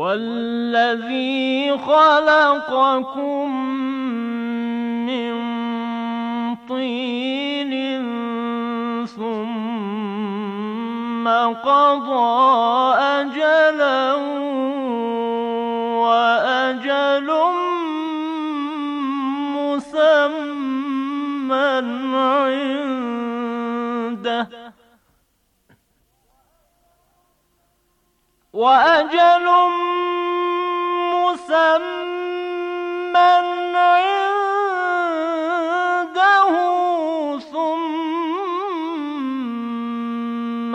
والذي خلقكم من طين ثم قضى أجلا وأجل مسمى عنده وأجل مسمى عنده ثم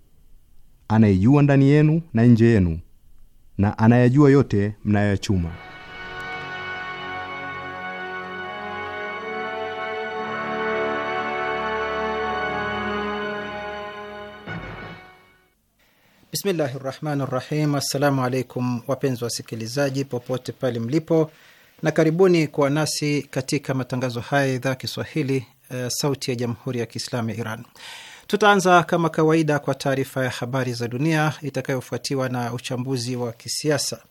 anayejua ndani yenu na nje yenu na anayajua yote mnayoyachuma. Bismillahi rahmani rahim. Assalamu alaikum wapenzi wasikilizaji popote pale mlipo, na karibuni kuwa nasi katika matangazo haya ya idhaa ya Kiswahili, uh, sauti ya jamhuri ya kiislamu ya Iran. Tutaanza kama kawaida kwa taarifa ya habari za dunia itakayofuatiwa na uchambuzi wa kisiasa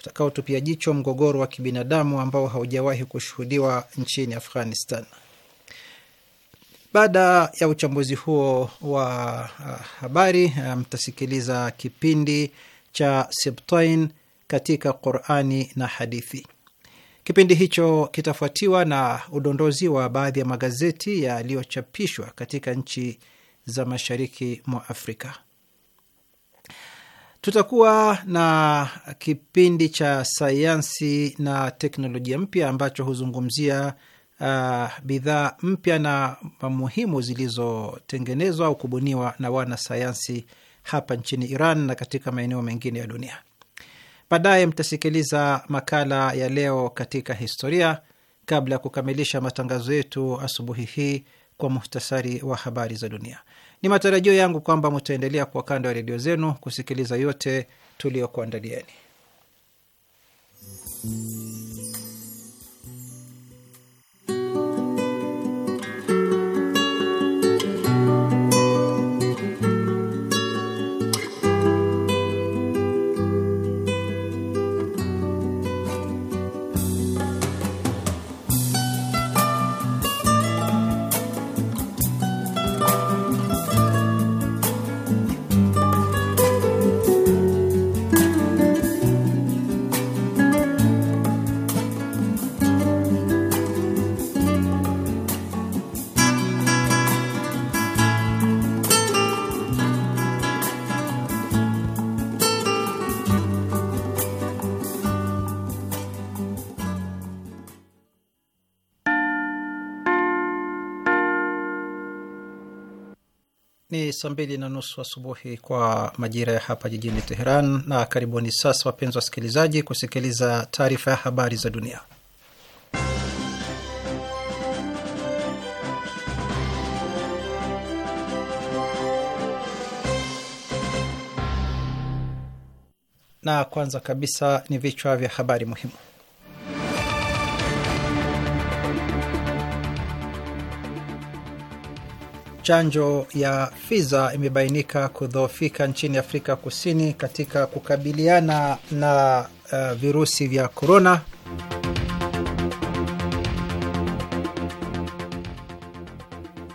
utakaotupia jicho mgogoro wa kibinadamu ambao haujawahi kushuhudiwa nchini Afghanistan. Baada ya uchambuzi huo wa uh, habari, uh, mtasikiliza kipindi cha Sibtain katika Qurani na hadithi. Kipindi hicho kitafuatiwa na udondozi wa baadhi ya magazeti yaliyochapishwa katika nchi za mashariki mwa Afrika. Tutakuwa na kipindi cha sayansi na teknolojia mpya ambacho huzungumzia uh, bidhaa mpya na muhimu zilizotengenezwa au kubuniwa na wanasayansi hapa nchini Iran na katika maeneo mengine ya dunia. Baadaye mtasikiliza makala ya leo katika historia, kabla ya kukamilisha matangazo yetu asubuhi hii kwa muhtasari wa habari za dunia. Ni matarajio yangu kwamba mutaendelea kwa kando ya redio zenu kusikiliza yote tuliyokuandalieni. Ni saa mbili na nusu asubuhi kwa majira ya hapa jijini Teheran, na karibuni sasa, wapenzi wasikilizaji, kusikiliza taarifa ya habari za dunia. Na kwanza kabisa ni vichwa vya habari muhimu. Chanjo ya Pfizer imebainika kudhoofika nchini Afrika Kusini katika kukabiliana na uh, virusi vya korona.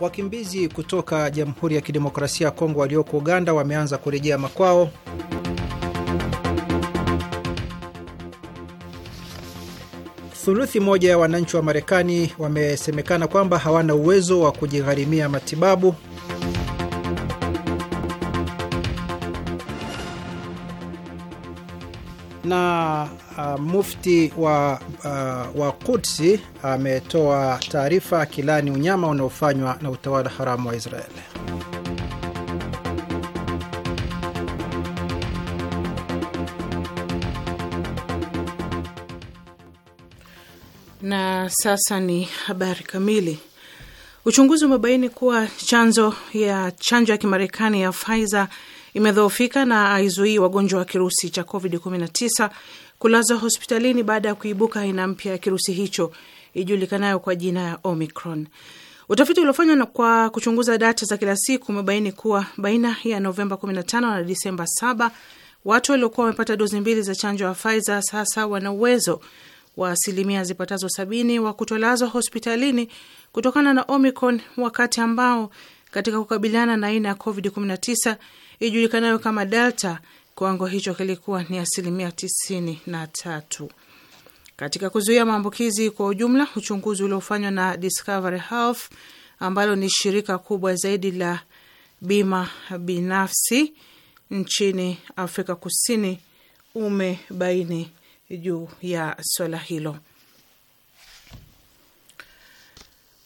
Wakimbizi kutoka Jamhuri ya Kidemokrasia ya Kongo walioko Uganda wameanza kurejea makwao. Thuluthi moja ya wananchi wa Marekani wamesemekana kwamba hawana uwezo wa kujigharimia matibabu. Na uh, mufti wa, uh, wa Kutsi ametoa taarifa akilani unyama unaofanywa na utawala haramu wa Israeli. Na sasa ni habari kamili. Uchunguzi umebaini kuwa chanzo ya chanjo ya kimarekani ya Pfizer imedhoofika na aizuii wagonjwa wa kirusi cha COVID-19 kulazwa hospitalini baada ya kuibuka aina mpya ya kirusi hicho ijulikanayo kwa jina ya Omicron. Utafiti uliofanywa kwa kuchunguza data za kila siku umebaini kuwa baina ya Novemba 15 na Disemba 7 watu waliokuwa wamepata dozi mbili za chanjo ya Pfizer sasa wana uwezo wa asilimia zipatazo sabini wa kutolazwa hospitalini kutokana na Omicron, wakati ambao katika kukabiliana na aina ya COVID-19 ijulikanayo kama Delta kiwango hicho kilikuwa ni asilimia tisini na tatu. Katika kuzuia maambukizi kwa ujumla, uchunguzi uliofanywa na Discovery Health ambalo ni shirika kubwa zaidi la bima binafsi nchini Afrika Kusini umebaini juu ya swala hilo.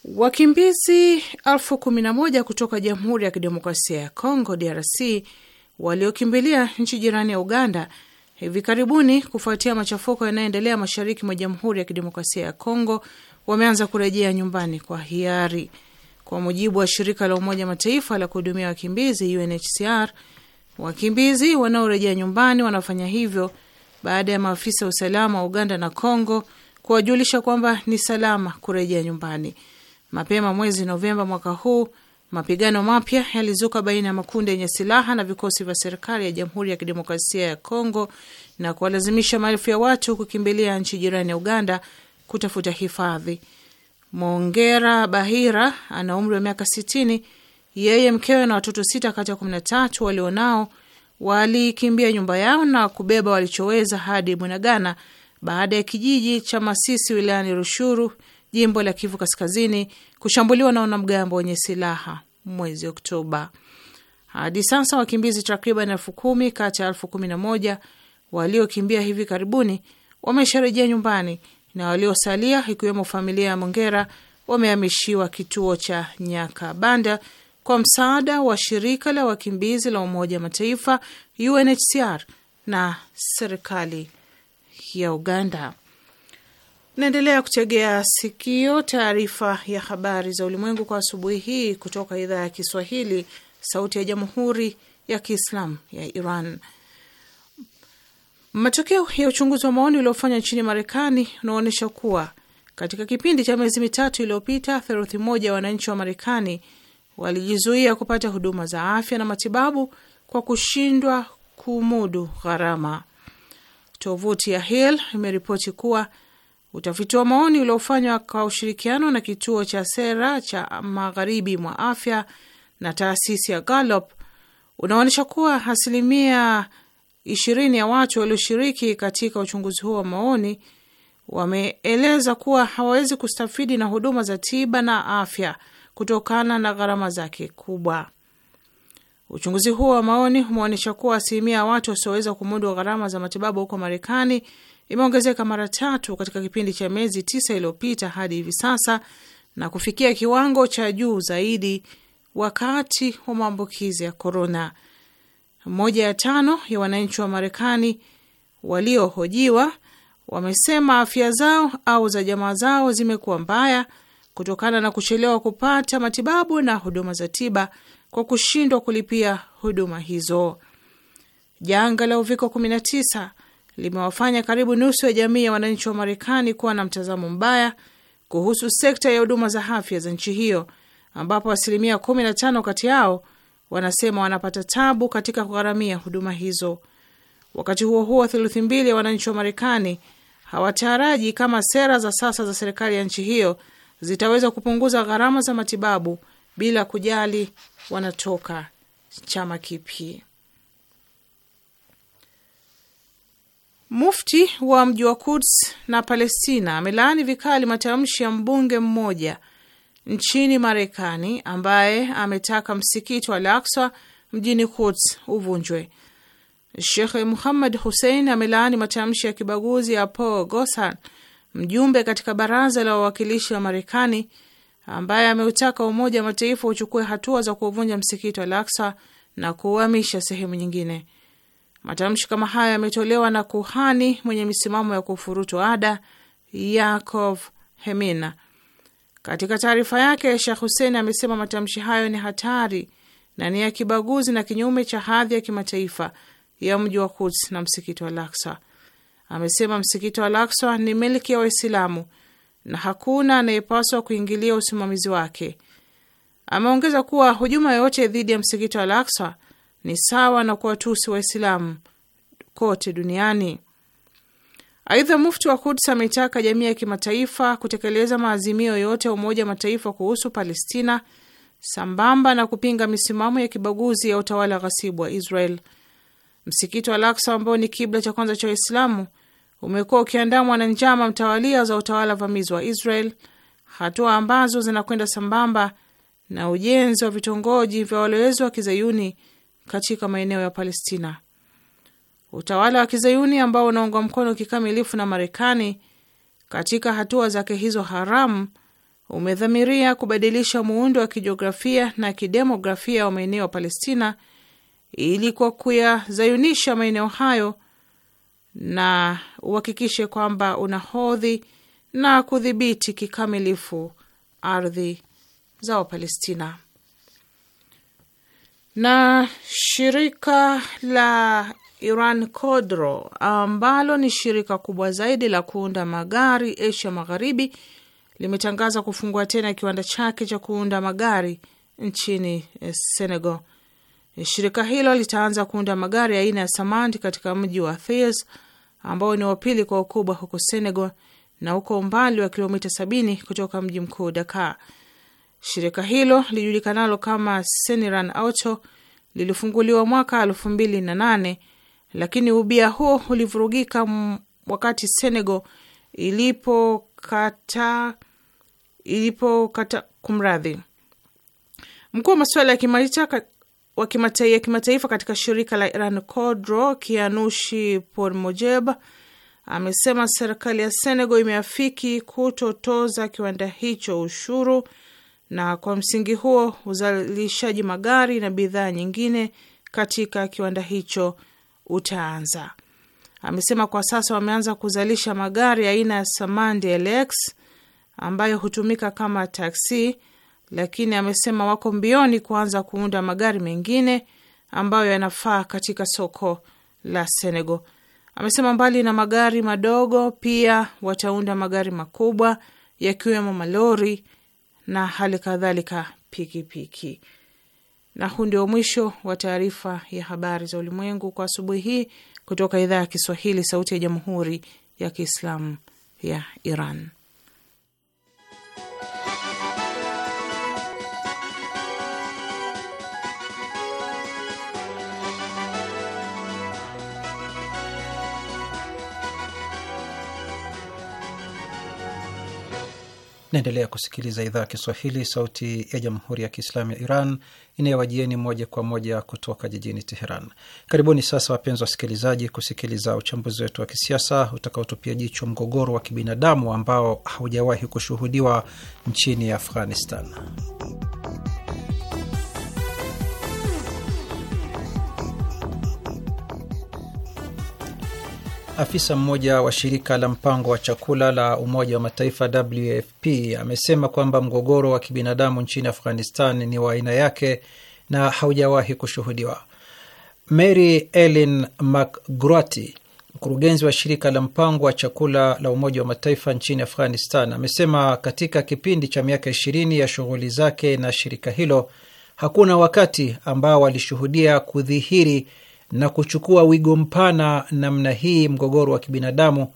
Wakimbizi elfu kumi na moja kutoka Jamhuri ya Kidemokrasia ya Kongo, DRC, waliokimbilia nchi jirani ya Uganda hivi karibuni kufuatia machafuko yanayoendelea mashariki mwa Jamhuri ya Kidemokrasia ya Kongo wameanza kurejea nyumbani kwa hiari. Kwa mujibu wa shirika la Umoja Mataifa la kuhudumia wakimbizi UNHCR, wakimbizi wanaorejea nyumbani wanafanya hivyo baada ya maafisa wa usalama wa Uganda na Congo kuwajulisha kwamba ni salama kurejea nyumbani. Mapema mwezi Novemba mwaka huu mapigano mapya yalizuka baina ya makundi yenye silaha na vikosi vya serikali ya Jamhuri ya Kidemokrasia ya Kongo na kuwalazimisha maelfu ya watu kukimbilia nchi jirani ya Uganda kutafuta hifadhi. Mongera Bahira ana umri wa miaka sitini. Yeye, mkewe na watoto sita kati ya kumi na tatu walionao walikimbia nyumba yao na kubeba walichoweza hadi Mwanagana, baada ya kijiji cha Masisi wilayani Rushuru, jimbo la Kivu Kaskazini, kushambuliwa na wanamgambo wenye silaha mwezi Oktoba. Hadi sasa wakimbizi takriban elfu kumi kati ya elfu kumi na moja waliokimbia hivi karibuni wamesharejea nyumbani na waliosalia ikiwemo familia ya Mongera wamehamishiwa kituo cha Nyakabanda kwa msaada wa shirika la wakimbizi la Umoja Mataifa UNHCR na serikali ya Uganda. Naendelea kutegea sikio taarifa ya habari za ulimwengu kwa asubuhi hii kutoka idhaa ya Kiswahili, Sauti ya Jamhuri ya Kiislamu ya Iran. Matokeo ya uchunguzi wa maoni uliofanywa nchini Marekani unaonyesha kuwa katika kipindi cha miezi mitatu iliyopita, theluthi moja ya wananchi wa Marekani walijizuia kupata huduma za afya na matibabu kwa kushindwa kumudu gharama. Tovuti ya Hill imeripoti kuwa utafiti wa maoni uliofanywa kwa ushirikiano na kituo cha sera cha magharibi mwa afya na taasisi ya Gallup unaonyesha kuwa asilimia ishirini ya watu walioshiriki katika uchunguzi huo wa maoni wameeleza kuwa hawawezi kustafidi na huduma za tiba na afya kutokana na gharama zake kubwa. Uchunguzi huo wa maoni umeonyesha kuwa asilimia ya watu wasioweza kumudu gharama za matibabu huko Marekani imeongezeka mara tatu katika kipindi cha miezi tisa iliyopita hadi hivi sasa na kufikia kiwango cha juu zaidi wakati wa maambukizi ya korona. Moja ya tano ya wananchi wa Marekani waliohojiwa wamesema afya zao au za jamaa zao zimekuwa mbaya kutokana na kuchelewa kupata matibabu na huduma za tiba kwa kushindwa kulipia huduma hizo. Janga la uviko 19 limewafanya karibu nusu ya jamii ya wananchi wa Marekani kuwa na mtazamo mbaya kuhusu sekta ya huduma za afya za nchi hiyo, ambapo asilimia 15 kati yao wanasema wanapata tabu katika kugharamia huduma hizo. Wakati huo huo, theluthi mbili ya wananchi wa Marekani hawataraji kama sera za sasa za serikali ya nchi hiyo zitaweza kupunguza gharama za matibabu bila kujali wanatoka chama kipi. Mufti wa mji wa Kuds na Palestina amelaani vikali matamshi ya mbunge mmoja nchini Marekani ambaye ametaka msikiti wa Al-Aqsa mjini Kuds uvunjwe. Shekh Muhammad Hussein amelaani matamshi ya kibaguzi ya Paul Gosar mjumbe katika baraza la wawakilishi wa Marekani ambaye ameutaka Umoja wa Mataifa uchukue hatua za kuuvunja msikiti wa Al-Aqsa na kuuhamisha sehemu nyingine. Matamshi kama hayo yametolewa na kuhani mwenye misimamo ya kufurutu ada Yakov Hemina. Katika taarifa yake, Shekh Hussein amesema matamshi hayo ni hatari na ni ya kibaguzi na kinyume cha hadhi ya kimataifa ya mji wa Quds na msikiti wa Al-Aqsa amesema msikiti wa Al-Aqsa ni milki ya Waislamu na hakuna anayepaswa kuingilia usimamizi wake. Ameongeza kuwa hujuma yoyote dhidi ya msikiti wa Al-Aqsa ni sawa na kuwatusi Waislamu kote duniani. Aidha, mufti wa Kuds ameitaka jamii ya kimataifa kutekeleza maazimio yote ya Umoja wa Mataifa kuhusu Palestina sambamba na kupinga misimamo ya kibaguzi ya utawala ghasibu wa Israel. Msikiti wa Al-Aqsa ambao ni kibla cha kwanza cha Waislamu umekuwa ukiandamwa na njama mtawalia za utawala vamizi wa Israel, hatua ambazo zinakwenda sambamba na ujenzi wa vitongoji vya walowezi wa kizayuni katika maeneo ya Palestina. Utawala wa kizayuni ambao unaungwa mkono kikamilifu na Marekani katika hatua zake hizo haramu umedhamiria kubadilisha muundo wa kijiografia na kidemografia wa maeneo ya Palestina ili kwa kuyazayunisha maeneo hayo na uhakikishe kwamba unahodhi na kudhibiti kikamilifu ardhi za Wapalestina. Na shirika la Iran Kodro ambalo ni shirika kubwa zaidi la kuunda magari Asia Magharibi limetangaza kufungua tena kiwanda chake cha kuunda magari nchini Senegal. E, shirika hilo litaanza kuunda magari aina ya samand katika mji wa Thies ambao ni wa pili kwa ukubwa huko Senegal na uko umbali wa kilomita sabini kutoka mji mkuu Dakar. Shirika hilo lijulikanalo kama Seniran Auto lilifunguliwa mwaka elfu mbili na nane lakini ubia huo ulivurugika wakati Senegal ilipokata ilipokata kumradhi. Mkuu wa masuala ya kimataifa wa kimata, kimataifa katika shirika la Iran kodro Kianushi Mojeb amesema serikali ya Senegal imeafiki kutotoza kiwanda hicho ushuru, na kwa msingi huo uzalishaji magari na bidhaa nyingine katika kiwanda hicho utaanza. Amesema kwa sasa wameanza kuzalisha magari aina ya Samandi LX ambayo hutumika kama taksi lakini amesema wako mbioni kuanza kuunda magari mengine ambayo yanafaa katika soko la Senegal. Amesema mbali na magari madogo, pia wataunda magari makubwa yakiwemo malori na hali kadhalika pikipiki. Na huu ndio mwisho wa taarifa ya habari za ulimwengu kwa asubuhi hii kutoka idhaa ya Kiswahili, Sauti ya Jamhuri ya Kiislamu ya Iran. Naendelea kusikiliza idhaa ya Kiswahili, sauti ya jamhuri ya kiislamu ya Iran inayowajieni moja kwa moja kutoka jijini Teheran. Karibuni sasa, wapenzi wasikilizaji, kusikiliza uchambuzi wetu wa kisiasa utakaotupia jicho mgogoro wa kibinadamu ambao haujawahi kushuhudiwa nchini Afghanistan. Afisa mmoja wa shirika la mpango wa chakula la Umoja wa Mataifa WFP amesema kwamba mgogoro wa kibinadamu nchini Afghanistan ni wa aina yake na haujawahi kushuhudiwa. Mary Ellen McGrorty, mkurugenzi wa shirika la mpango wa chakula la Umoja wa Mataifa nchini Afghanistan, amesema katika kipindi cha miaka ishirini ya shughuli zake na shirika hilo hakuna wakati ambao walishuhudia kudhihiri na kuchukua wigo mpana namna hii mgogoro wa kibinadamu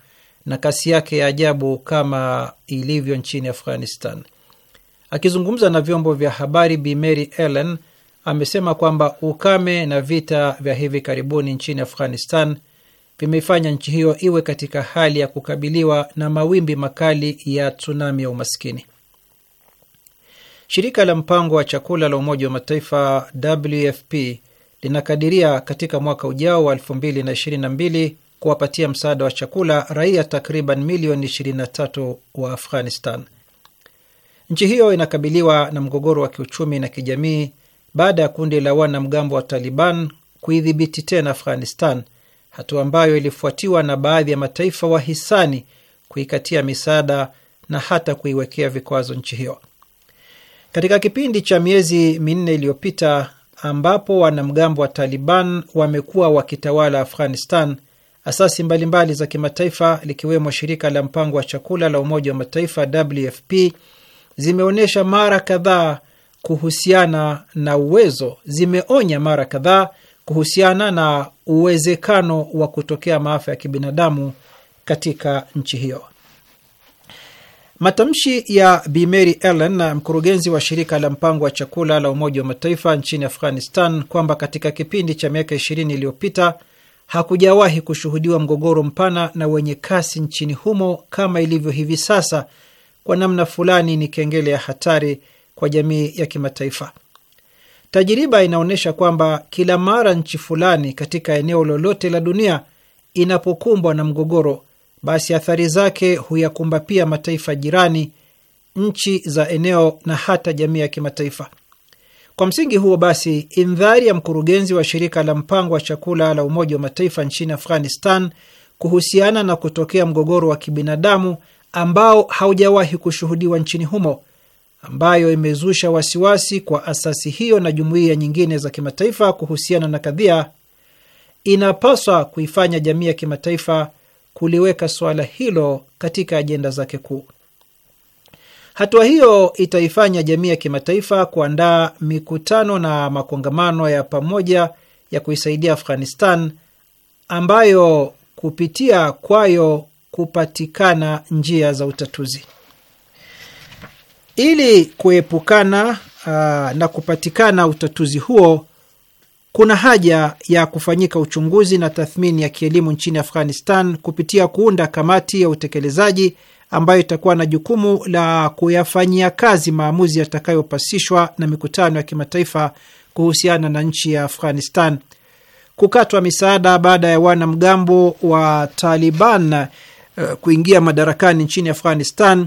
na kasi yake ya ajabu kama ilivyo nchini Afghanistan. Akizungumza na vyombo vya habari, Bi Mary Ellen amesema kwamba ukame na vita vya hivi karibuni nchini Afghanistan vimeifanya nchi hiyo iwe katika hali ya kukabiliwa na mawimbi makali ya tsunami ya umaskini. Shirika la mpango wa chakula la Umoja wa Mataifa WFP linakadiria katika mwaka ujao wa 2022 kuwapatia msaada wa chakula raia takriban milioni 23 wa Afghanistan. Nchi hiyo inakabiliwa na mgogoro wa kiuchumi na kijamii baada ya kundi la wanamgambo wa Taliban kuidhibiti tena Afghanistan, hatua ambayo ilifuatiwa na baadhi ya mataifa wahisani kuikatia misaada na hata kuiwekea vikwazo nchi hiyo. Katika kipindi cha miezi minne iliyopita, ambapo wanamgambo wa Taliban wamekuwa wakitawala Afghanistan, asasi mbalimbali za kimataifa likiwemo shirika la mpango wa chakula la Umoja wa Mataifa WFP zimeonyesha mara kadhaa kuhusiana na uwezo zimeonya mara kadhaa kuhusiana na uwezekano wa kutokea maafa ya kibinadamu katika nchi hiyo. Matamshi ya Bi Mary Ellen, mkurugenzi wa shirika la mpango wa chakula la Umoja wa Mataifa nchini Afghanistan, kwamba katika kipindi cha miaka ishirini iliyopita hakujawahi kushuhudiwa mgogoro mpana na wenye kasi nchini humo kama ilivyo hivi sasa, kwa namna fulani ni kengele ya hatari kwa jamii ya kimataifa. Tajiriba inaonyesha kwamba kila mara nchi fulani katika eneo lolote la dunia inapokumbwa na mgogoro basi athari zake huyakumba pia mataifa jirani, nchi za eneo na hata jamii ya kimataifa. Kwa msingi huo basi, indhari ya mkurugenzi wa shirika la mpango wa chakula la Umoja wa Mataifa nchini Afghanistan kuhusiana na kutokea mgogoro wa kibinadamu ambao haujawahi kushuhudiwa nchini humo, ambayo imezusha wasiwasi kwa asasi hiyo na jumuiya nyingine za kimataifa kuhusiana na kadhia, inapaswa kuifanya jamii ya kimataifa kuliweka suala hilo katika ajenda zake kuu. Hatua hiyo itaifanya jamii ya kimataifa kuandaa mikutano na makongamano ya pamoja ya kuisaidia Afghanistan ambayo kupitia kwayo kupatikana njia za utatuzi ili kuepukana uh, na kupatikana utatuzi huo kuna haja ya kufanyika uchunguzi na tathmini ya kielimu nchini Afghanistan kupitia kuunda kamati ya utekelezaji ambayo itakuwa na jukumu la kuyafanyia kazi maamuzi yatakayopasishwa na mikutano ya kimataifa kuhusiana na nchi ya Afghanistan. Kukatwa misaada baada ya wanamgambo wa Taliban eh, kuingia madarakani nchini Afghanistan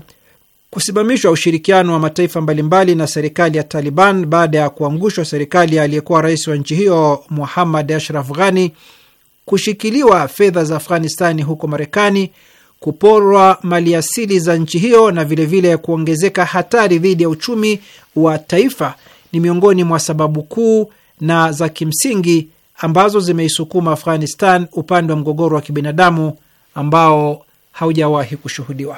Kusimamishwa ushirikiano wa mataifa mbalimbali na serikali ya Taliban baada ya kuangushwa serikali aliyekuwa rais wa nchi hiyo Muhammad Ashraf Ghani, kushikiliwa fedha za Afghanistani huko Marekani, kuporwa mali asili za nchi hiyo na vilevile vile kuongezeka hatari dhidi ya uchumi wa taifa ni miongoni mwa sababu kuu na za kimsingi ambazo zimeisukuma Afghanistan upande wa mgogoro wa kibinadamu ambao haujawahi kushuhudiwa.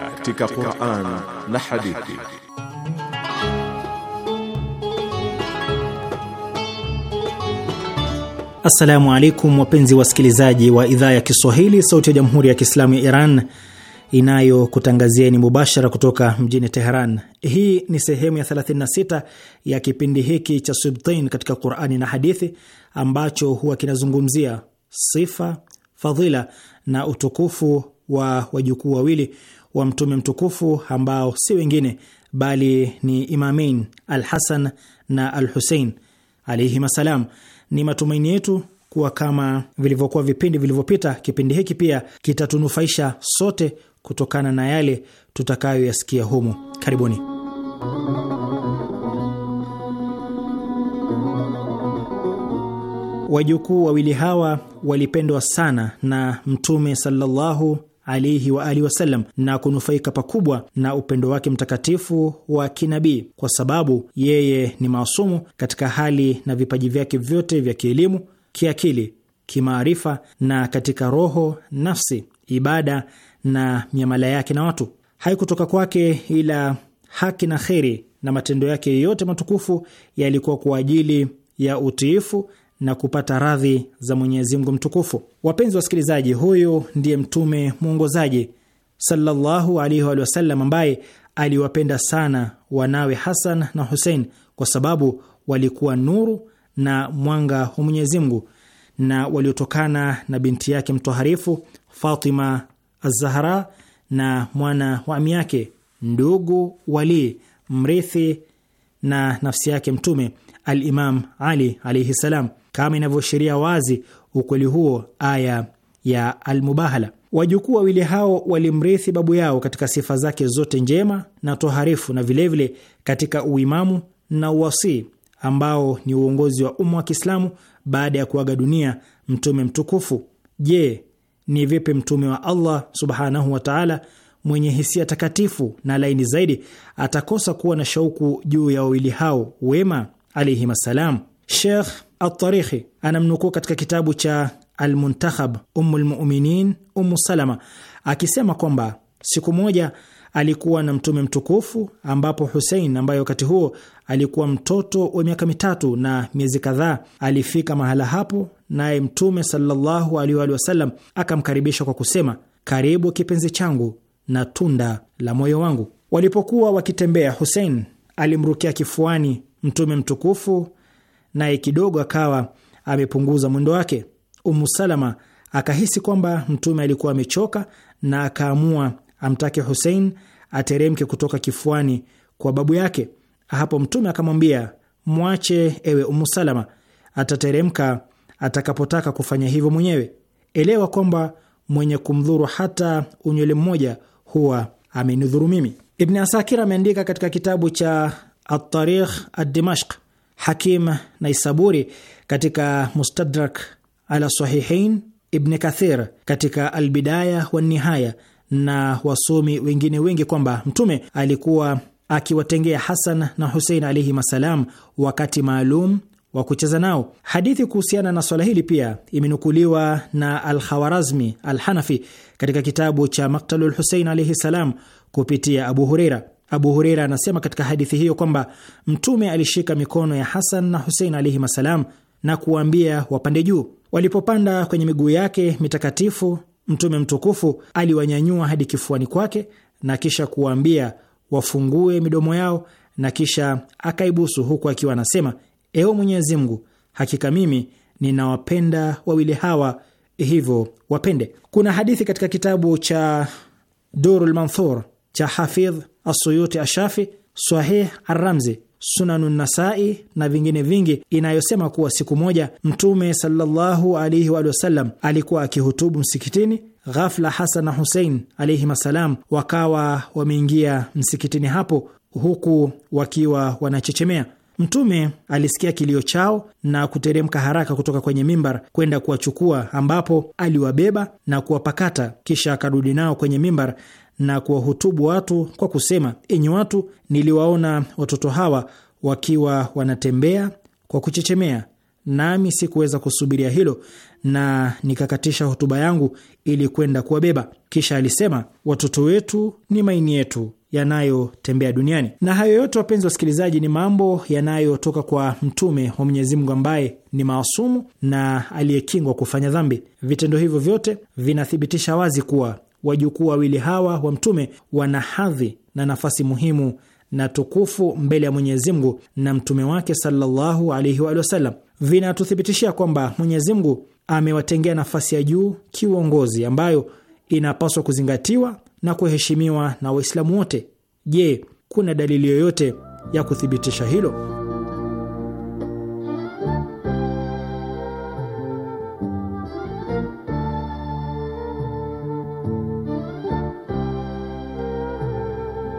katika Qur'an na hadithi. Assalamu alaikum wapenzi wasikilizaji wa idhaa ya Kiswahili sauti ya Jamhuri ya Kiislamu ya Iran inayokutangazieni mubashara kutoka mjini Teheran. Hii ni sehemu ya 36 ya kipindi hiki cha Sibtain katika Qur'ani na hadithi ambacho huwa kinazungumzia sifa, fadhila na utukufu wa wajukuu wawili wa mtume mtukufu ambao si wengine bali ni Imamain Al-Hasan na Al-Husein alaihim assalam. Ni matumaini yetu kuwa kama vilivyokuwa vipindi vilivyopita, kipindi hiki pia kitatunufaisha sote kutokana na yale tutakayoyasikia humo. Karibuni. Wajukuu wawili hawa walipendwa sana na Mtume sallallahu alaihi wa alihi wasallam na kunufaika pakubwa na upendo wake mtakatifu wa kinabii, kwa sababu yeye ni maasumu katika hali na vipaji vyake vyote vya kielimu, kiakili, kimaarifa na katika roho, nafsi, ibada na miamala yake na watu. Haikutoka kwake ila haki na kheri, na matendo yake yote matukufu yalikuwa kwa ajili ya utiifu na kupata radhi za Mwenyezi Mungu mtukufu. Wapenzi wasikilizaji, huyu ndiye mtume mwongozaji sallallahu alaihi wa sallam ambaye aliwapenda sana wanawe Hasan na Husein kwa sababu walikuwa nuru na mwanga wa Mwenyezi Mungu na waliotokana na binti yake mtoharifu Fatima Az-Zahra na mwana wa ami yake ndugu Wali mrithi na nafsi yake mtume alimam Ali alaihi salam kama inavyoashiria wazi ukweli huo aya ya Almubahala. Wajukuu wawili hao walimrithi babu yao katika sifa zake zote njema na toharifu, na vilevile vile katika uimamu na uwasii ambao ni uongozi wa umma wa Kiislamu baada ya kuaga dunia mtume mtukufu. Je, ni vipi mtume wa Allah subhanahu wa taala mwenye hisia takatifu na laini zaidi atakosa kuwa na shauku juu ya wawili hao wema alaihim assalam? Sheikh Atarikhi anamnukuu katika kitabu cha Almuntakhab Ummul Muminin Ummu Salama akisema kwamba siku moja alikuwa na Mtume mtukufu ambapo Husein ambaye wakati huo alikuwa mtoto wa miaka mitatu na miezi kadhaa alifika mahala hapo, naye Mtume sallallahu alaihi wasallam akamkaribisha kwa kusema, karibu kipenzi changu na tunda la moyo wangu. Walipokuwa wakitembea, Husein alimrukia kifuani Mtume mtukufu naye kidogo akawa amepunguza mwendo wake. Umu Salama akahisi kwamba Mtume alikuwa amechoka na akaamua amtake Husein ateremke kutoka kifuani kwa babu yake. Hapo Mtume akamwambia, mwache ewe Umu Salama, atateremka atakapotaka kufanya hivyo mwenyewe. Elewa kwamba mwenye kumdhuru hata unywele mmoja huwa amenidhuru mimi. Ibni Asakir ameandika katika kitabu cha Atarikh Adimashk Hakim Naisaburi katika Mustadrak ala Sahihain, Ibn Kathir katika Albidaya wa Nihaya na wasomi wengine wengi kwamba Mtume alikuwa akiwatengea Hasan na Husein alaihi masalam wakati maalum wa kucheza nao. Hadithi kuhusiana na swala hili pia imenukuliwa na Alkhawarazmi Alhanafi katika kitabu cha Maktalu lhusein alaihi salam kupitia Abu Hureira. Abu Huraira anasema katika hadithi hiyo kwamba Mtume alishika mikono ya Hasan na Husein alaihi wassalam na kuwaambia wapande juu. Walipopanda kwenye miguu yake mitakatifu, Mtume mtukufu aliwanyanyua hadi kifuani kwake na kisha kuwaambia wafungue midomo yao na kisha akaibusu, huku akiwa anasema: ewe Mwenyezi Mungu, hakika mimi ninawapenda wawili hawa, hivyo wapende. Kuna hadithi katika kitabu cha Durul Manthur cha Hafidh Asuyuti Ashafi, Swahih Arramzi, Sunanu Nasai na vingine vingi, inayosema kuwa siku moja Mtume sallallahu alaihi wa sallam alikuwa akihutubu msikitini. Ghafla Hasan na Husein alaihim assalam wakawa wameingia msikitini hapo huku wakiwa wanachechemea. Mtume alisikia kilio chao na kuteremka haraka kutoka kwenye mimbar kwenda kuwachukua, ambapo aliwabeba na kuwapakata, kisha akarudi nao kwenye mimbar na kuwahutubu watu kwa kusema, enyi watu, niliwaona watoto hawa wakiwa wanatembea kwa kuchechemea, nami sikuweza kusubiria hilo, na nikakatisha hotuba yangu ili kwenda kuwabeba. Kisha alisema, watoto wetu ni maini yetu yanayotembea duniani. Na hayo yote, wapenzi wa wasikilizaji, ni mambo yanayotoka kwa mtume wa Mwenyezi Mungu ambaye ni maasumu na aliyekingwa kufanya dhambi. Vitendo hivyo vyote vinathibitisha wazi kuwa wajukuu wawili hawa wa Mtume wana hadhi na nafasi muhimu na tukufu mbele ya Mwenyezi Mungu na mtume wake sallallahu alaihi wa sallam. Vinatuthibitishia kwamba Mwenyezi Mungu amewatengea nafasi ya juu kiuongozi ambayo inapaswa kuzingatiwa na kuheshimiwa na Waislamu wote. Je, kuna dalili yoyote ya kuthibitisha hilo?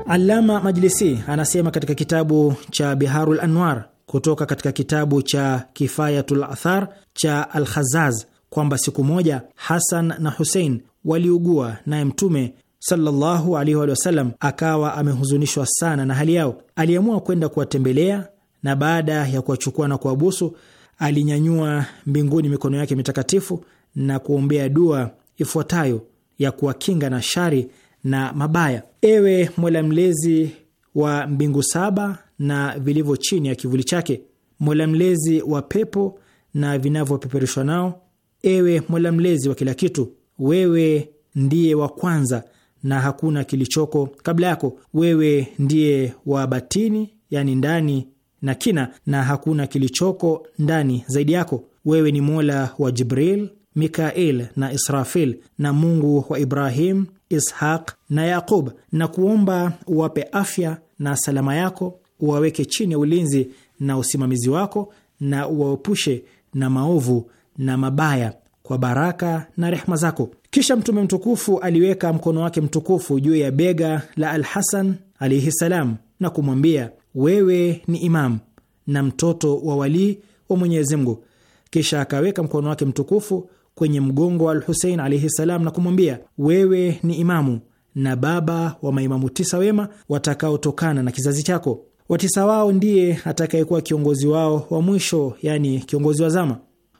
alama Majlisi anasema katika kitabu cha Biharul Anwar kutoka katika kitabu cha Kifayatul Athar cha Al-Khazaz kwamba siku moja Hasan na Husein waliugua, naye Mtume sallallahu alaihi wasallam akawa amehuzunishwa sana na hali yao. Aliamua kwenda kuwatembelea, na baada ya kuwachukua na kuwabusu, alinyanyua mbinguni mikono yake mitakatifu na kuombea dua ifuatayo ya kuwakinga na shari na mabaya. Ewe Mola Mlezi wa mbingu saba na vilivyo chini ya kivuli chake, Mola Mlezi wa pepo na vinavyopeperushwa nao, ewe Mola Mlezi wa kila kitu, wewe ndiye wa kwanza na hakuna kilichoko kabla yako. Wewe ndiye wa batini, yani ndani na kina, na hakuna kilichoko ndani zaidi yako. Wewe ni Mola wa Jibril, mikael na Israfil, na Mungu wa Ibrahim Ishaq na Yaqub na kuomba uwape afya na salama yako, uwaweke chini ya ulinzi na usimamizi wako, na uwaepushe na maovu na mabaya kwa baraka na rehma zako. Kisha Mtume mtukufu aliweka mkono wake mtukufu juu ya bega la alhasan alaihi salam na kumwambia, wewe ni imamu na mtoto wa walii wa Mwenyezi Mungu. Kisha akaweka mkono wake mtukufu kwenye mgongo wa Alhusein alaihi ssalam na kumwambia, wewe ni imamu na baba wa maimamu tisa wema watakaotokana na kizazi chako. Watisa wao ndiye atakayekuwa kiongozi wao wa mwisho, yani kiongozi wa zama.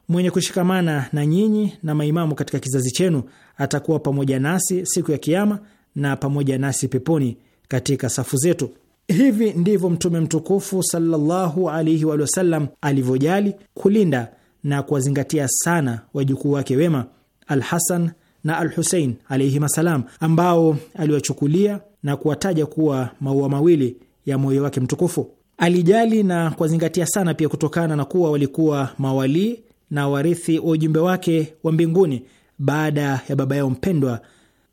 Mwenye kushikamana na nyinyi na maimamu katika kizazi chenu atakuwa pamoja nasi siku ya Kiama na pamoja nasi peponi katika safu zetu. Hivi ndivyo Mtume mtukufu sallallahu alaihi wasallam alivyojali kulinda na kuwazingatia sana wajukuu wake wema Al Hasan na Al Husein alaihim assalam, ambao aliwachukulia na kuwataja kuwa maua mawili ya moyo wake mtukufu. Alijali na kuwazingatia sana pia kutokana na kuwa walikuwa mawalii na warithi wa ujumbe wake wa mbinguni baada ya baba yao mpendwa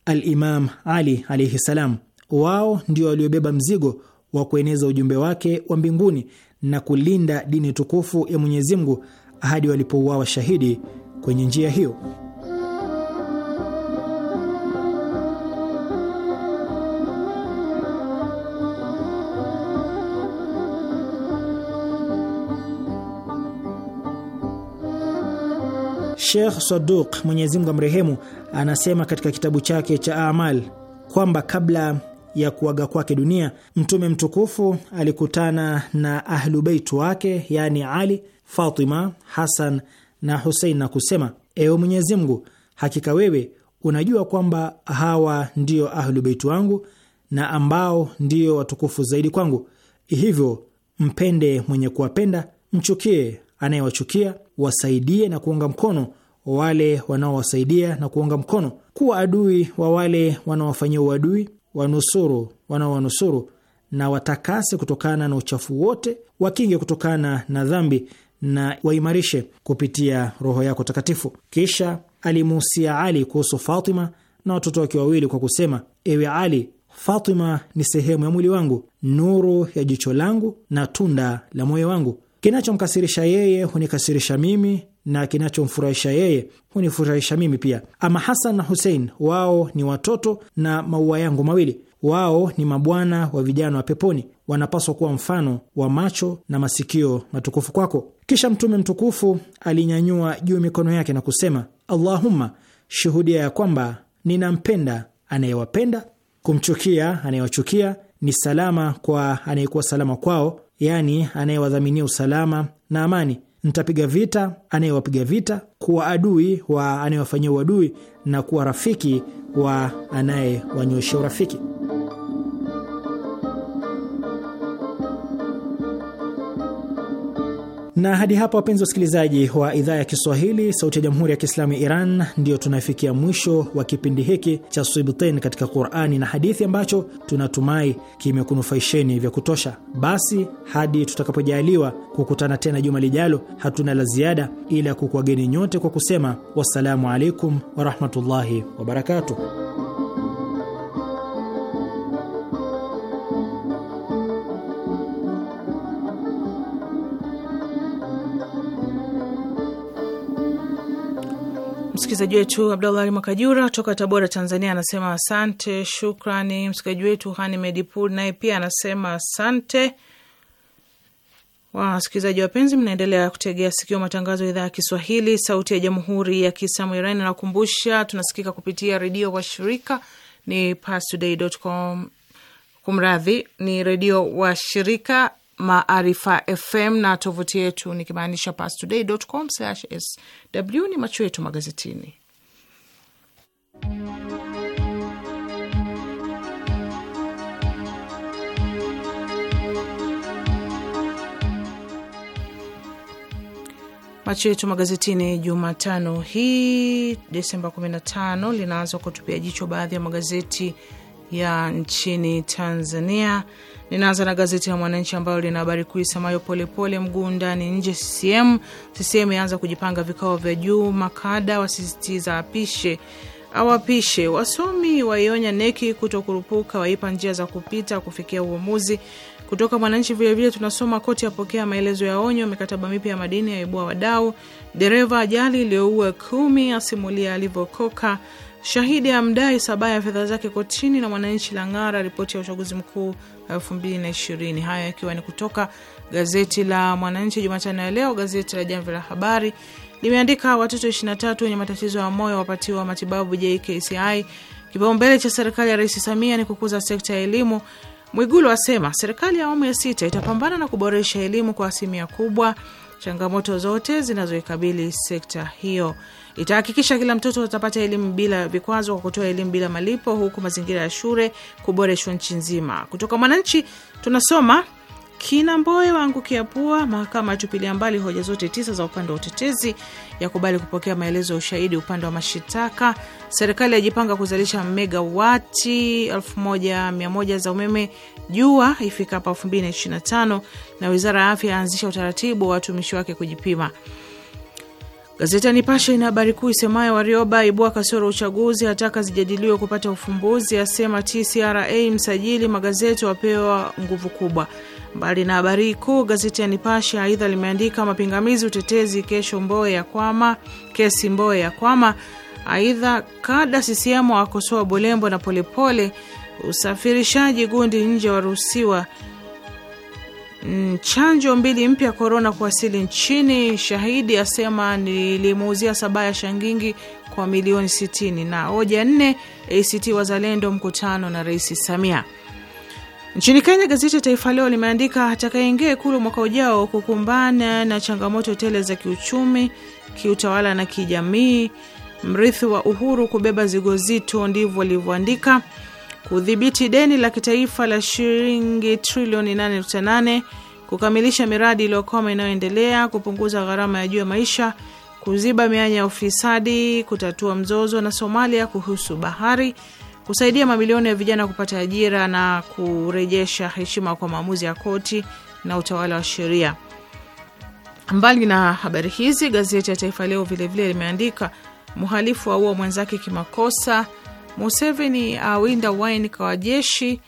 alimam Ali alaihi salam. Wao ndio waliobeba mzigo wa kueneza ujumbe wake wa mbinguni na kulinda dini tukufu ya Mwenyezi Mungu hadi walipouawa shahidi kwenye njia hiyo. Sheikh Saduq Mwenyezi Mungu amrehemu, anasema katika kitabu chake cha Amal kwamba kabla ya kuaga kwake dunia, Mtume mtukufu alikutana na ahlubeit wake, yaani Ali, Fatima, Hasan na Husein na kusema: ewe Mwenyezi Mungu, hakika wewe unajua kwamba hawa ndio ahlubeitu wangu na ambao ndio watukufu zaidi kwangu, hivyo mpende mwenye kuwapenda, mchukie anayewachukia, wasaidie na kuunga mkono wale wanaowasaidia na kuunga mkono, kuwa adui wa wale wanaowafanyia uadui wanusuru wanaowanusuru, na watakase kutokana na uchafu wote, wakinge kutokana na dhambi, na waimarishe kupitia Roho yako takatifu. Kisha alimuhusia Ali kuhusu Fatima na watoto wake wawili kwa kusema: ewe Ali, Fatima ni sehemu ya mwili wangu, nuru ya jicho langu na tunda la moyo wangu. Kinachomkasirisha yeye hunikasirisha mimi na kinachomfurahisha yeye hunifurahisha mimi pia. Ama Hasan na Husein, wao ni watoto na maua yangu mawili. Wao ni mabwana wa vijana wa peponi, wanapaswa kuwa mfano wa macho na masikio matukufu kwako. Kisha Mtume mtukufu alinyanyua juu mikono yake na kusema, Allahumma, shuhudia ya kwamba ninampenda anayewapenda, kumchukia anayewachukia, ni salama kwa anayekuwa salama kwao, yaani anayewadhaminia usalama na amani Mtapiga vita anayewapiga vita, kuwa adui wa anayewafanyia uadui, na kuwa rafiki wa anayewanyoshea urafiki. Na hadi hapa, wapenzi wasikilizaji wa idhaa ya Kiswahili, Sauti ya Jamhuri ya Kiislamu ya Iran, ndiyo tunafikia mwisho wa kipindi hiki cha Swibtain katika Qurani na Hadithi, ambacho tunatumai kimekunufaisheni vya kutosha. Basi hadi tutakapojaaliwa kukutana tena juma lijalo, hatuna la ziada ila kukuwageni nyote kwa kusema wassalamu alaikum warahmatullahi wabarakatuh. msikilizaji wetu Abdallah Makajura toka Tabora, Tanzania, anasema asante. Shukrani msikilizaji wetu Hani Medipur naye pia anasema asante. Wasikilizaji wapenzi, mnaendelea kutegea sikio matangazo ya idhaa ya Kiswahili, sauti ya jamhuri ya kiislamu Iran. Nakumbusha tunasikika kupitia redio wa shirika ni pastoday.com, kumradhi, ni redio wa shirika Maarifa FM na tovuti yetu nikimaanisha pastoday.com/sw. Ni macho yetu magazetini. Macho yetu magazetini Jumatano hii Desemba 15 linaanza kutupia jicho baadhi ya magazeti ya nchini Tanzania. Ninaanza na gazeti la Mwananchi ambayo lina habari kuu isemayo polepole mguu ndani nje CCM. CCM yaanza kujipanga vikao vya juu, makada wasisitiza apishe awapishe, wasomi waionya neki kutokurupuka, waipa njia za kupita kufikia uamuzi. Kutoka Mwananchi vilevile tunasoma koti yapokea maelezo ya onyo, mikataba mipya ya madini yaibua wadau, dereva ajali iliyoua kumi asimulia alivyokoka Shahidi amdai Sabaya fedha zake kotini, na Mwananchi la ng'ara ripoti ya uchaguzi mkuu 2020. Hayo yakiwa ni kutoka gazeti la Mwananchi Jumatano ya leo. Gazeti la Jamvi la Habari limeandika watoto 23 wenye matatizo ya moyo wapatiwa matibabu JKCI. Kipaumbele cha serikali ya Rais Samia ni kukuza sekta ya elimu. Mwigulu asema serikali ya awamu ya sita itapambana na kuboresha elimu kwa asilimia kubwa changamoto zote zinazoikabili sekta hiyo itahakikisha kila mtoto atapata elimu bila vikwazo kwa kutoa elimu bila malipo, huku mazingira ya shule kuboreshwa nchi nzima. Kutoka Mwananchi tunasoma kina Mboe waangukia pua, mahakama atupilia mbali hoja zote tisa za upande wa utetezi, yakubali kupokea maelezo ya ushahidi upande wa mashitaka. Serikali yajipanga kuzalisha megawati 1100 za umeme jua ifikapo 2025, na wizara ya afya yaanzisha utaratibu wa watumishi wake kujipima. Gazeti ya Nipashe ina habari kuu isemayo Warioba aibua kasoro uchaguzi, ataka zijadiliwe kupata ufumbuzi, asema TCRA msajili magazeti wapewa nguvu kubwa. Mbali na habari kuu, gazeti ya Nipashe aidha limeandika mapingamizi utetezi kesho Mboe ya kwama, kesi mboe ya kwama. Aidha, kada CCM akosoa Bulembo na Polepole. Usafirishaji gundi nje waruhusiwa Mm, chanjo mbili mpya korona kuwasili nchini. Shahidi asema nilimuuzia Sabaya Shangingi kwa milioni 60. Na hoja nne ACT Wazalendo mkutano na Rais Samia. Nchini Kenya, gazeti ya Taifa Leo limeandika atakayeingia Ikulu mwaka ujao kukumbana na changamoto tele za kiuchumi, kiutawala na kijamii. Mrithi wa Uhuru kubeba zigo zito, ndivyo alivyoandika kudhibiti deni la kitaifa la shilingi trilioni 8.8, kukamilisha miradi iliyokoma inayoendelea, kupunguza gharama ya juu ya maisha, kuziba mianya ya ufisadi, kutatua mzozo na Somalia kuhusu bahari, kusaidia mamilioni ya vijana kupata ajira na kurejesha heshima kwa maamuzi ya koti na utawala wa sheria. Mbali na habari hizi, gazeti ya Taifa Leo vilevile limeandika wa aua mwenzake kimakosa Museveni awinda wine kwa jeshi.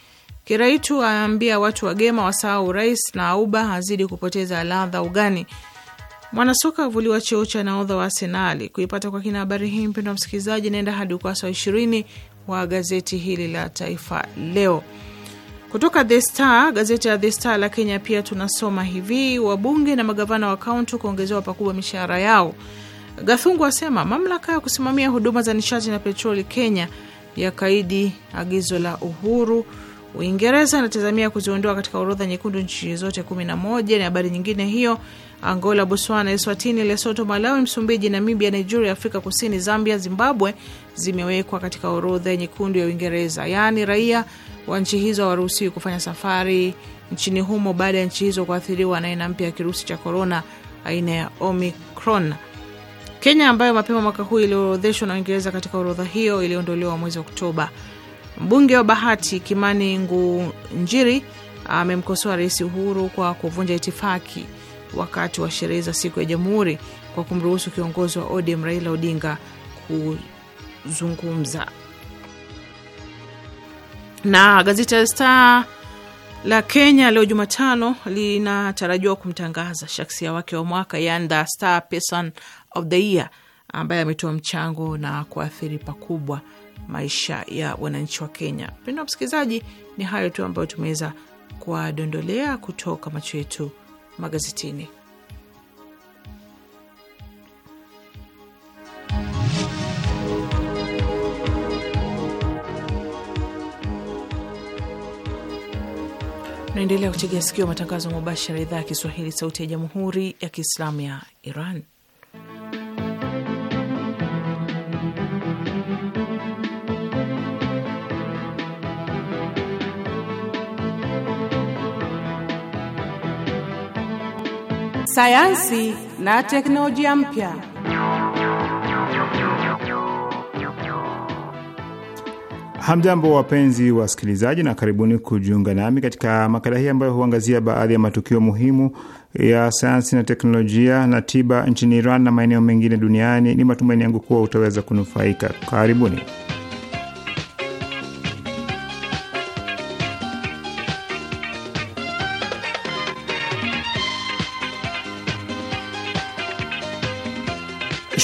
Kiraitu aambia watu wagema wasahau urais, na Auba azidi kupoteza ladha ugani. Mwanasoka avuliwa cheo cha nahodha wa Arsenali. Kuipata kwa kina habari hii, mpendwa msikilizaji, naenda hadi ukurasa wa ishirini wa gazeti hili la Taifa Leo. Kutoka The Star, gazeti la The Star la Kenya pia tunasoma hivi: wabunge na magavana wa kaunti kuongezewa pakubwa mishahara yao. Gathungu asema mamlaka ya kusimamia huduma za nishati na petroli Kenya ya kaidi agizo la Uhuru. Uingereza anatazamia kuziondoa katika orodha nyekundu nchi zote 11 na habari nyingine hiyo. Angola, Botswana, Eswatini, Lesoto, Malawi, Msumbiji, Namibia, Nigeria, Afrika Kusini, Zambia, Zimbabwe zimewekwa katika orodha nyekundu ya Uingereza. Yaani raia wa nchi hizo hawaruhusiwi kufanya safari nchini humo baada ya nchi hizo kuathiriwa na aina mpya ya kirusi cha korona aina ya Omicron. Kenya ambayo mapema mwaka huu iliorodheshwa na Uingereza katika orodha hiyo iliondolewa mwezi Oktoba. Mbunge wa Bahati Kimani Ngunjiri amemkosoa Rais Uhuru kwa kuvunja itifaki wakati wa sherehe za siku ya Jamhuri kwa kumruhusu kiongozi wa ODM Raila Odinga kuzungumza. Na gazeti la Star la Kenya leo Jumatano linatarajiwa kumtangaza shaksia wake wa mwaka, Yanda Star person of the Year ambaye ametoa mchango na kuathiri pakubwa maisha ya wananchi wa Kenya. Mpendwa msikilizaji, ni hayo tu ambayo tumeweza kuwadondolea kutoka macho yetu magazetini. Naendelea kutegea sikio matangazo mubashara, idhaa ya Kiswahili, sauti ya jamhuri ya kiislamu ya Iran. sayansi na teknolojia mpya. Hamjambo, wapenzi wasikilizaji, na karibuni kujiunga nami katika makala hii ambayo huangazia baadhi ya matukio muhimu ya sayansi na teknolojia na tiba nchini Iran na maeneo mengine duniani. Ni matumaini yangu kuwa utaweza kunufaika. Karibuni.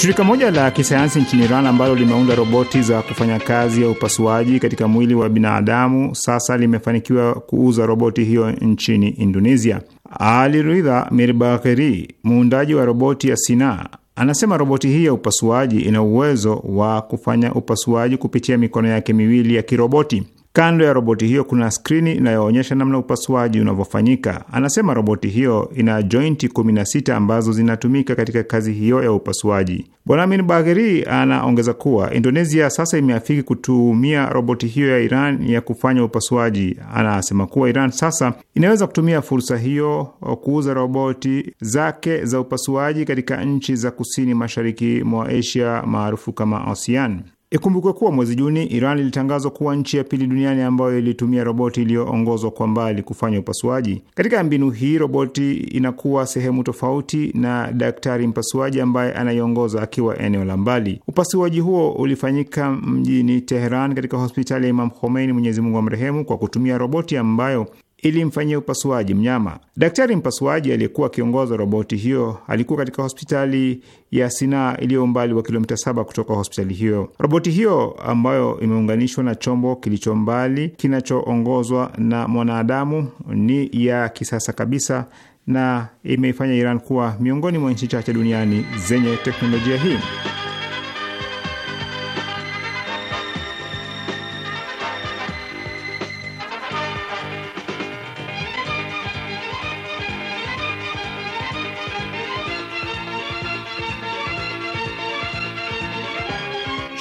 Shirika moja la kisayansi nchini Iran ambalo limeunda roboti za kufanya kazi ya upasuaji katika mwili wa binadamu sasa limefanikiwa kuuza roboti hiyo nchini Indonesia. Ali Ridha Mirbagheri, muundaji wa roboti ya Sina, anasema roboti hii ya upasuaji ina uwezo wa kufanya upasuaji kupitia mikono yake miwili ya kiroboti. Kando ya roboti hiyo kuna skrini inayoonyesha namna upasuaji unavyofanyika. Anasema roboti hiyo ina jointi 16 ambazo zinatumika katika kazi hiyo ya upasuaji. Bwana Min Bagheri anaongeza kuwa Indonesia sasa imeafiki kutumia roboti hiyo ya Iran ya kufanya upasuaji. Anasema kuwa Iran sasa inaweza kutumia fursa hiyo kuuza roboti zake za upasuaji katika nchi za kusini mashariki mwa Asia maarufu kama ASEAN. Ikumbukwe kuwa mwezi Juni Iran ilitangazwa kuwa nchi ya pili duniani ambayo ilitumia roboti iliyoongozwa kwa mbali kufanya upasuaji. Katika mbinu hii, roboti inakuwa sehemu tofauti na daktari mpasuaji ambaye anaiongoza akiwa eneo la mbali. Upasuaji huo ulifanyika mjini Teheran katika hospitali ya Imam Khomeini, Mwenyezi Mungu amrehemu, kwa kutumia roboti ambayo ili mfanyie upasuaji mnyama. Daktari mpasuaji aliyekuwa akiongoza roboti hiyo alikuwa katika hospitali ya Sinaa iliyo umbali wa kilomita saba kutoka hospitali hiyo. Roboti hiyo ambayo imeunganishwa na chombo kilicho mbali kinachoongozwa na mwanadamu ni ya kisasa kabisa na imeifanya Iran kuwa miongoni mwa nchi chache duniani zenye teknolojia hii.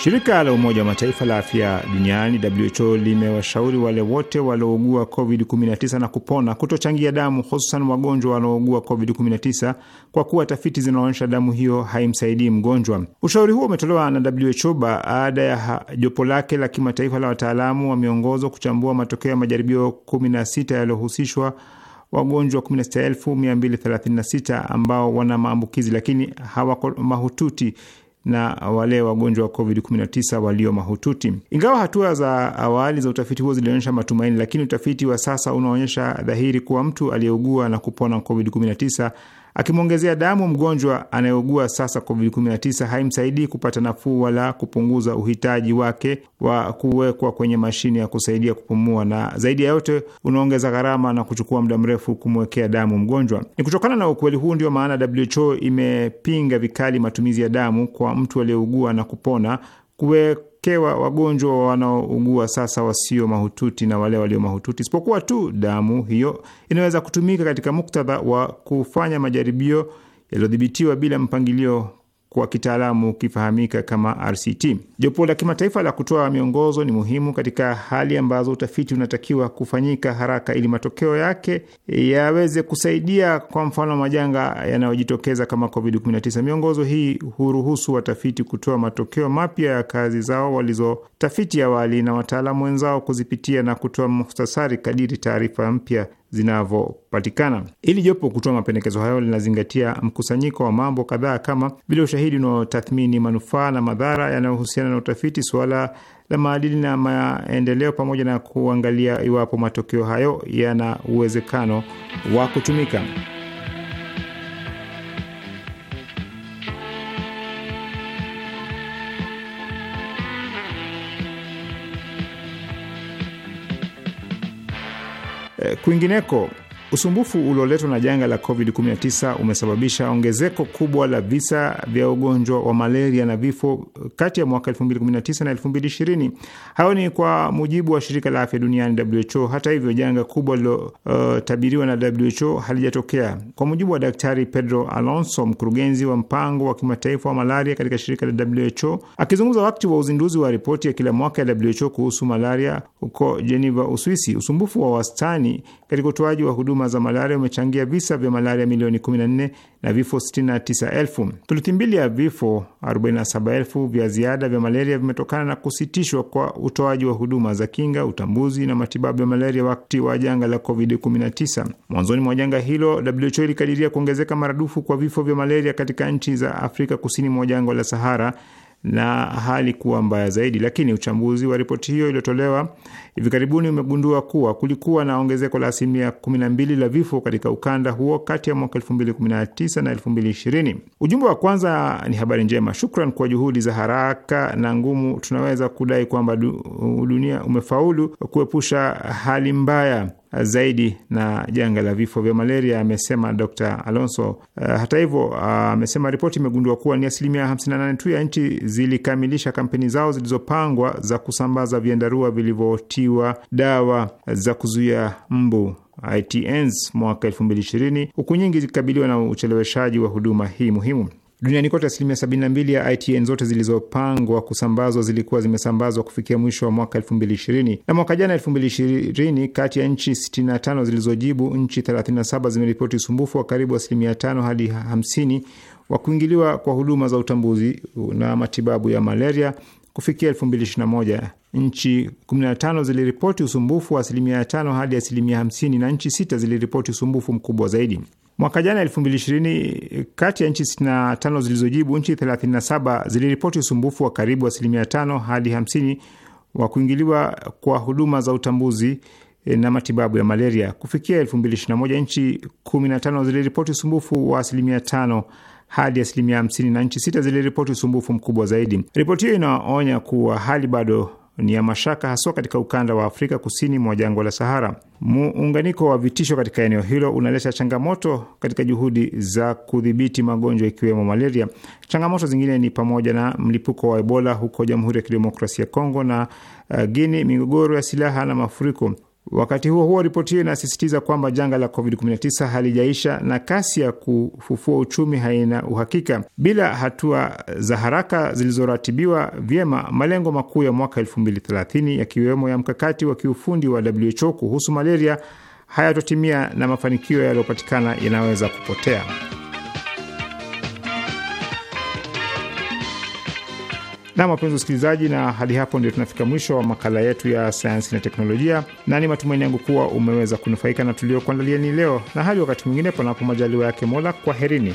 Shirika la Umoja wa Mataifa la afya duniani WHO limewashauri wale wote waliougua COVID-19 na kupona kutochangia damu, hususan wagonjwa wanaougua COVID-19 kwa kuwa tafiti zinaonyesha damu hiyo haimsaidii mgonjwa. Ushauri huo umetolewa na WHO baada ya jopo lake la kimataifa la wataalamu wa miongozo kuchambua matokeo ya majaribio 16 yaliyohusishwa wagonjwa 16236 ambao wana maambukizi lakini hawako mahututi na wale wagonjwa wa COVID-19 walio mahututi. Ingawa hatua za awali za utafiti huo zilionyesha matumaini, lakini utafiti wa sasa unaonyesha dhahiri kuwa mtu aliyeugua na kupona COVID-19 Akimwongezea damu, mgonjwa anayeugua sasa covid-19 haimsaidii kupata nafuu wala kupunguza uhitaji wake wa kuwekwa kwenye mashine ya kusaidia kupumua, na zaidi ya yote unaongeza gharama na kuchukua muda mrefu kumwekea damu mgonjwa. Ni kutokana na ukweli huu ndio maana WHO imepinga vikali matumizi ya damu kwa mtu aliyeugua na kupona kuwe kuwekewa wagonjwa wanaougua sasa wasio mahututi na wale walio mahututi, isipokuwa tu damu hiyo inaweza kutumika katika muktadha wa kufanya majaribio yaliyodhibitiwa bila mpangilio kwa kitaalamu ukifahamika kama RCT. Jopo la kimataifa la kutoa miongozo ni muhimu katika hali ambazo utafiti unatakiwa kufanyika haraka ili matokeo yake yaweze kusaidia, kwa mfano majanga yanayojitokeza kama COVID-19. Miongozo hii huruhusu watafiti kutoa matokeo mapya ya kazi zao walizotafiti awali na wataalamu wenzao kuzipitia na kutoa muhtasari kadiri taarifa mpya zinavyopatikana. Ili jopo kutoa mapendekezo hayo linazingatia mkusanyiko wa mambo kadhaa kama vile ushahidi unaotathmini manufaa na madhara yanayohusiana na utafiti, suala la maadili na maendeleo, pamoja na kuangalia iwapo matokeo hayo yana uwezekano wa kutumika. Eh, kwingineko Usumbufu ulioletwa na janga la COVID-19 umesababisha ongezeko kubwa la visa vya ugonjwa wa malaria na vifo kati ya mwaka 2019 na 2020. Hayo ni kwa mujibu wa shirika la afya duniani WHO. Hata hivyo, janga kubwa lilotabiriwa uh, na WHO halijatokea. Kwa mujibu wa Daktari Pedro Alonso, mkurugenzi wa mpango wa kimataifa wa malaria katika shirika la WHO, akizungumza wakati wa uzinduzi wa ripoti ya kila mwaka ya WHO kuhusu malaria huko Geneva, Uswisi, usumbufu wa wastani katika utoaji wa huduma huduma za malaria umechangia visa vya malaria milioni 14 na vifo 69,000. Thuluthi mbili ya vifo 47,000 vya ziada vya malaria vimetokana na kusitishwa kwa utoaji wa huduma za kinga, utambuzi na matibabu ya malaria wakati wa janga la COVID-19. Mwanzoni mwa janga hilo, WHO ilikadiria kuongezeka maradufu kwa vifo vya malaria katika nchi za Afrika kusini mwa jangwa la Sahara na hali kuwa mbaya zaidi, lakini uchambuzi wa ripoti hiyo iliyotolewa hivi karibuni umegundua kuwa kulikuwa na ongezeko la asilimia 12 la vifo katika ukanda huo kati ya mwaka 2019 na 2020. Ujumbe wa kwanza ni habari njema. Shukran kwa juhudi za haraka na ngumu, tunaweza kudai kwamba dunia umefaulu kuepusha hali mbaya zaidi na janga la vifo vya malaria, amesema Dr Alonso. Uh, hata hivyo ah, amesema uh, ripoti imegundua kuwa ni asilimia 58 tu ya nchi zilikamilisha kampeni zao zilizopangwa za kusambaza vyandarua vilivyoti kupiwa dawa za kuzuia mbu ITNs mwaka 2020 huku nyingi zikikabiliwa na ucheleweshaji wa huduma hii muhimu. Duniani kote asilimia 72 ya ITN zote zilizopangwa kusambazwa zilikuwa zimesambazwa kufikia mwisho wa mwaka 2020. Na mwaka jana 2020, kati ya nchi 65 zilizojibu, nchi 37 zimeripoti usumbufu wa karibu asilimia 5 hadi 50 wa kuingiliwa kwa huduma za utambuzi na matibabu ya malaria Kufikia 2021 nchi 15 ziliripoti usumbufu wa asilimia tano hadi asilimia h0 na nchi sita ziliripoti usumbufu mkubwa zaidi. Mwaka jana 2020, kati ya nchi 65 zilizojibu, nchi 37 ziliripoti usumbufu wa karibu asilimia 5 hadi 50 wa kuingiliwa kwa huduma za utambuzi Eh, na matibabu ya malaria. Kufikia 2021 nchi 15 ziliripoti usumbufu wa asilimia tano hadi asilimia 50 na nchi sita ziliripoti usumbufu mkubwa zaidi. Ripoti hiyo inaonya kuwa hali bado ni ya mashaka haswa katika ukanda wa Afrika kusini mwa jangwa la Sahara. Muunganiko wa vitisho katika eneo hilo unaleta changamoto katika juhudi za kudhibiti magonjwa ikiwemo malaria. Changamoto zingine ni pamoja na mlipuko wa Ebola huko Jamhuri ya Kidemokrasia ya Kongo na uh, eh, Guini, migogoro ya silaha na mafuriko. Wakati huo huo, ripoti hiyo inasisitiza kwamba janga la COVID-19 halijaisha na kasi ya kufufua uchumi haina uhakika. Bila hatua za haraka zilizoratibiwa vyema, malengo makuu ya mwaka 2030 yakiwemo ya mkakati wa kiufundi wa WHO kuhusu malaria hayatotimia na mafanikio yaliyopatikana yanaweza kupotea. Na wapenzi wasikilizaji, na hadi hapo ndio tunafika mwisho wa makala yetu ya sayansi na teknolojia, na ni matumaini yangu kuwa umeweza kunufaika na tuliokuandaliani leo, na hadi wakati mwingine, panapo majaliwa yake Mola, kwaherini.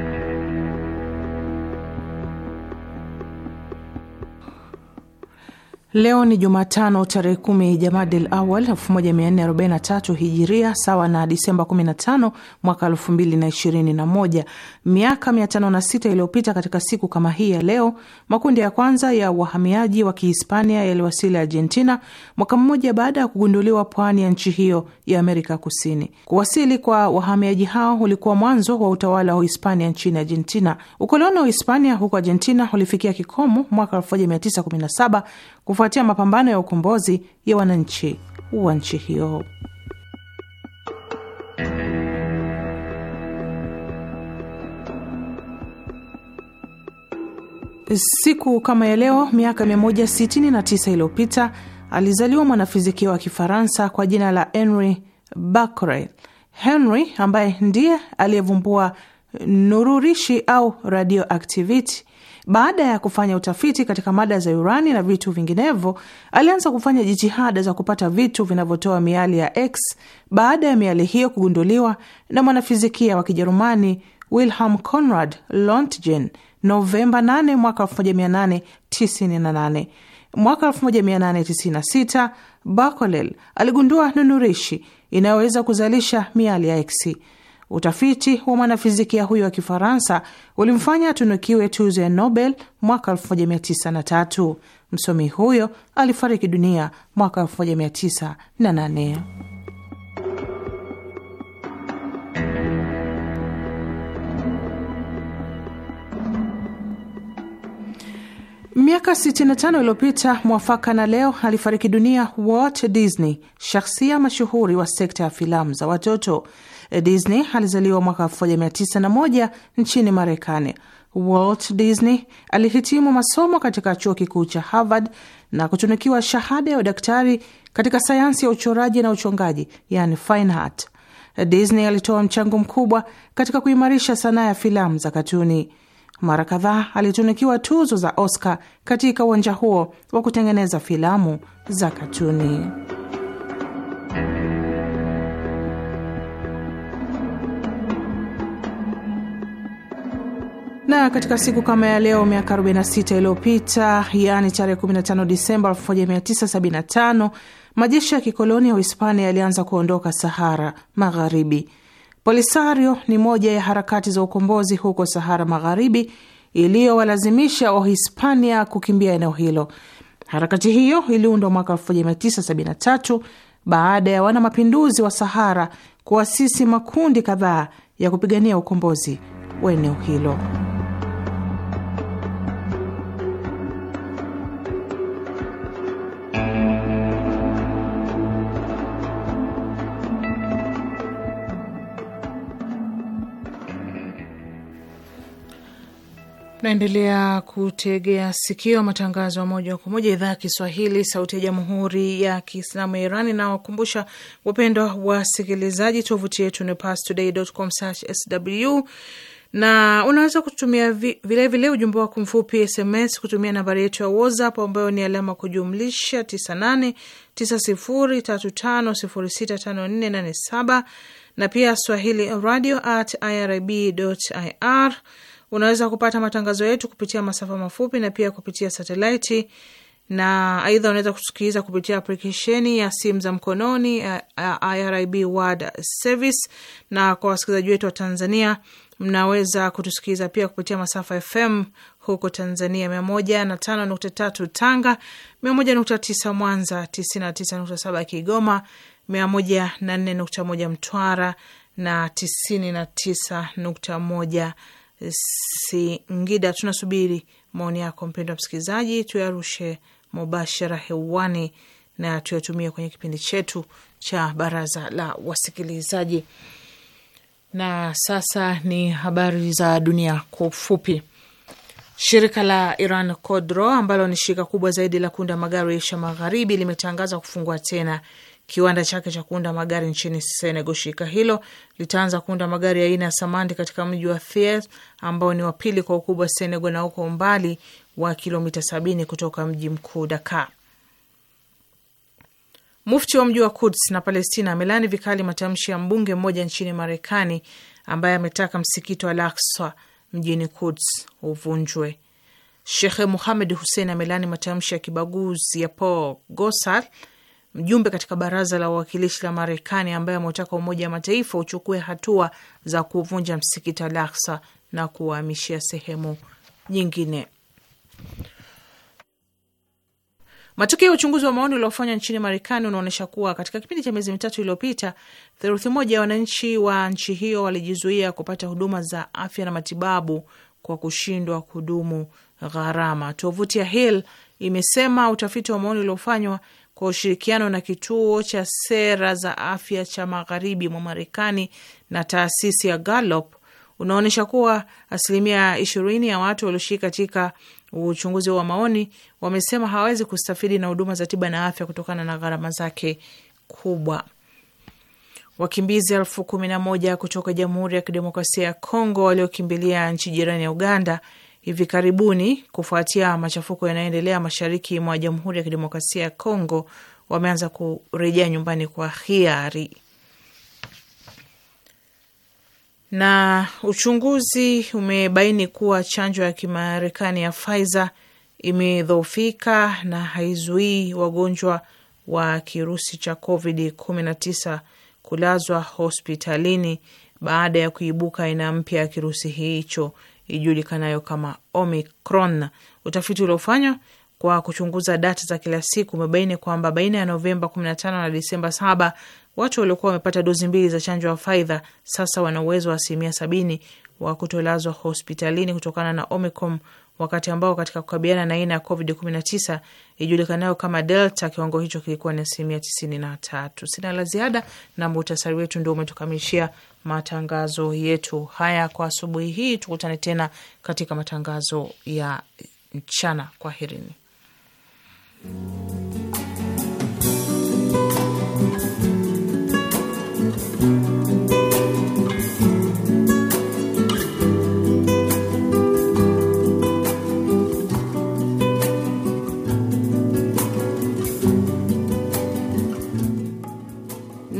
Leo ni Jumatano tarehe kumi Jamadil Awal 1443 Hijiria, sawa na Disemba 15 mwaka 2021. Miaka 506 iliyopita katika siku kama hii ya leo, makundi ya kwanza ya wahamiaji wa Kihispania yaliwasili Argentina, mwaka mmoja baada ya kugunduliwa pwani ya nchi hiyo ya Amerika Kusini. Kuwasili kwa wahamiaji hao ulikuwa mwanzo wa utawala wa Uhispania nchini Argentina. Ukoloni wa Uhispania huko Argentina ulifikia kikomo mwaka 1917 kufuatia mapambano ya ukombozi ya wananchi wa nchi hiyo. Siku kama ya leo miaka 169 iliyopita alizaliwa mwanafizikia wa Kifaransa kwa jina la Henry Becquerel. Henry ambaye ndiye aliyevumbua nururishi au radioactivity baada ya kufanya utafiti katika mada za urani na vitu vinginevyo, alianza kufanya jitihada za kupata vitu vinavyotoa miali ya X baada ya miali hiyo kugunduliwa na mwanafizikia wa Kijerumani Wilhelm Conrad Lontgen Novemba 8 mwaka 1898. Mwaka 1896 Bacolel aligundua nunurishi inayoweza kuzalisha miali ya eksi. Utafiti wa mwanafizikia huyo wa Kifaransa ulimfanya atunukiwe tuzo ya Nobel mwaka 1903. Msomi huyo alifariki dunia mwaka 1908. Miaka 65 iliyopita mwafaka na leo alifariki dunia Walt Disney, shahsia mashuhuri wa sekta ya filamu za watoto. Disney alizaliwa mwaka 1901 nchini Marekani. Walt Disney alihitimu masomo katika chuo kikuu cha Harvard na kutunukiwa shahada ya udaktari katika sayansi ya uchoraji na uchongaji, yani fine art. Disney alitoa mchango mkubwa katika kuimarisha sanaa ya filamu za katuni. Mara kadhaa alitunikiwa tuzo za Oscar katika uwanja huo wa kutengeneza filamu za katuni. na katika siku kama ya leo miaka 46 iliyopita, yaani tarehe 15 Disemba 1975, majeshi ya kikoloni ya Uhispania yalianza kuondoka Sahara Magharibi. Polisario ni moja ya harakati za ukombozi huko Sahara Magharibi iliyowalazimisha Wahispania kukimbia eneo hilo. Harakati hiyo iliundwa mwaka 1973 baada ya wanamapinduzi wa Sahara kuasisi makundi kadhaa ya kupigania ukombozi wa eneo hilo. Naendelea kutegea sikio matangazo ya moja kwa moja idhaa ya Kiswahili, sauti ya jamhuri ya kiislamu ya iran inawakumbusha wapendwa wasikilizaji, tovuti yetu ni pastoday.com/sw, na unaweza kutumia vilevile ujumbe wako mfupi SMS kutumia nambari yetu ya WhatsApp ambayo ni alama kujumlisha 989035065487 na pia swahili radio at irib.ir Unaweza kupata matangazo yetu kupitia masafa mafupi na pia kupitia satelaiti, na aidha unaweza kusikiliza kupitia aplikesheni ya simu za mkononi eh, eh, IRIB World Service. Na kwa wasikilizaji wetu wa Tanzania, mnaweza kutusikiliza pia kupitia masafa FM huko Tanzania, mia moja na tano nukta tatu Tanga, mia moja nukta tisa Mwanza, tisini na tisa nukta saba Kigoma, mia moja na nne nukta moja Mtwara na tisini na tisa nukta moja Singida. Tunasubiri maoni yako mpendwa msikilizaji, tuyarushe mubashara hewani na tuyatumie kwenye kipindi chetu cha baraza la wasikilizaji. Na sasa ni habari za dunia kwa ufupi. Shirika la Iran Kodro ambalo ni shirika kubwa zaidi la kunda magari ya Asia Magharibi limetangaza kufungua tena Kiwanda chake cha kuunda magari nchini Senegal. Shirika hilo litaanza kuunda magari ya aina ya Samandi katika mji wa Thies ambao ni wa pili kwa ukubwa Senegal na uko umbali wa kilomita sabini kutoka mji mkuu Dakar. Mufti wa mji wa Kuds na Palestina amelani vikali matamshi ya mbunge mmoja nchini Marekani ambaye ametaka msikiti wa Al-Aqsa mjini Kuds uvunjwe. Shekhe Muhamed Hussein amelani matamshi ya kibaguzi ya Paul Gosar Mjumbe katika baraza la wawakilishi la Marekani ambaye ameutaka Umoja wa Mataifa uchukue hatua za kuvunja msikiti Al-Aqsa na kuwahamishia sehemu nyingine. Matokeo ya uchunguzi wa maoni uliofanywa nchini Marekani unaonyesha kuwa katika kipindi cha miezi mitatu iliyopita, theluthi moja ya wananchi wa nchi hiyo walijizuia kupata huduma za afya na matibabu kwa kushindwa kudumu gharama. Tovuti ya Hill imesema utafiti wa maoni uliofanywa kwa ushirikiano na kituo cha sera za afya cha magharibi mwa Marekani na taasisi ya Gallup unaonyesha kuwa asilimia ishirini ya watu walioshiriki katika uchunguzi wa maoni wamesema hawawezi kustafidi na huduma za tiba na afya kutokana na gharama zake kubwa. Wakimbizi elfu kumi na moja kutoka Jamhuri ya Kidemokrasia ya Kongo waliokimbilia nchi jirani ya Uganda hivi karibuni kufuatia machafuko yanayoendelea mashariki mwa Jamhuri ya Kidemokrasia ya Kongo wameanza kurejea nyumbani kwa hiari. Na uchunguzi umebaini kuwa chanjo ya Kimarekani ya Pfizer imedhoofika na haizuii wagonjwa wa kirusi cha COVID-19 kulazwa hospitalini baada ya kuibuka aina mpya ya kirusi hicho ijulikanayo kama Omicron. Utafiti uliofanywa kwa kuchunguza data za kila siku umebaini kwamba baina ya Novemba 15 na Disemba 7 watu waliokuwa wamepata dozi mbili za chanjo ya Pfizer sasa wana uwezo wa asilimia sabini wa kutolazwa hospitalini kutokana na Omicron wakati ambao katika kukabiliana na aina ya COVID-19 ijulikanayo kama Delta, kiwango hicho kilikuwa ni asilimia 93. Sina la ziada na muhtasari wetu ndio umetukamilishia matangazo yetu haya kwa asubuhi hii. Tukutane tena katika matangazo ya mchana. Kwaherini.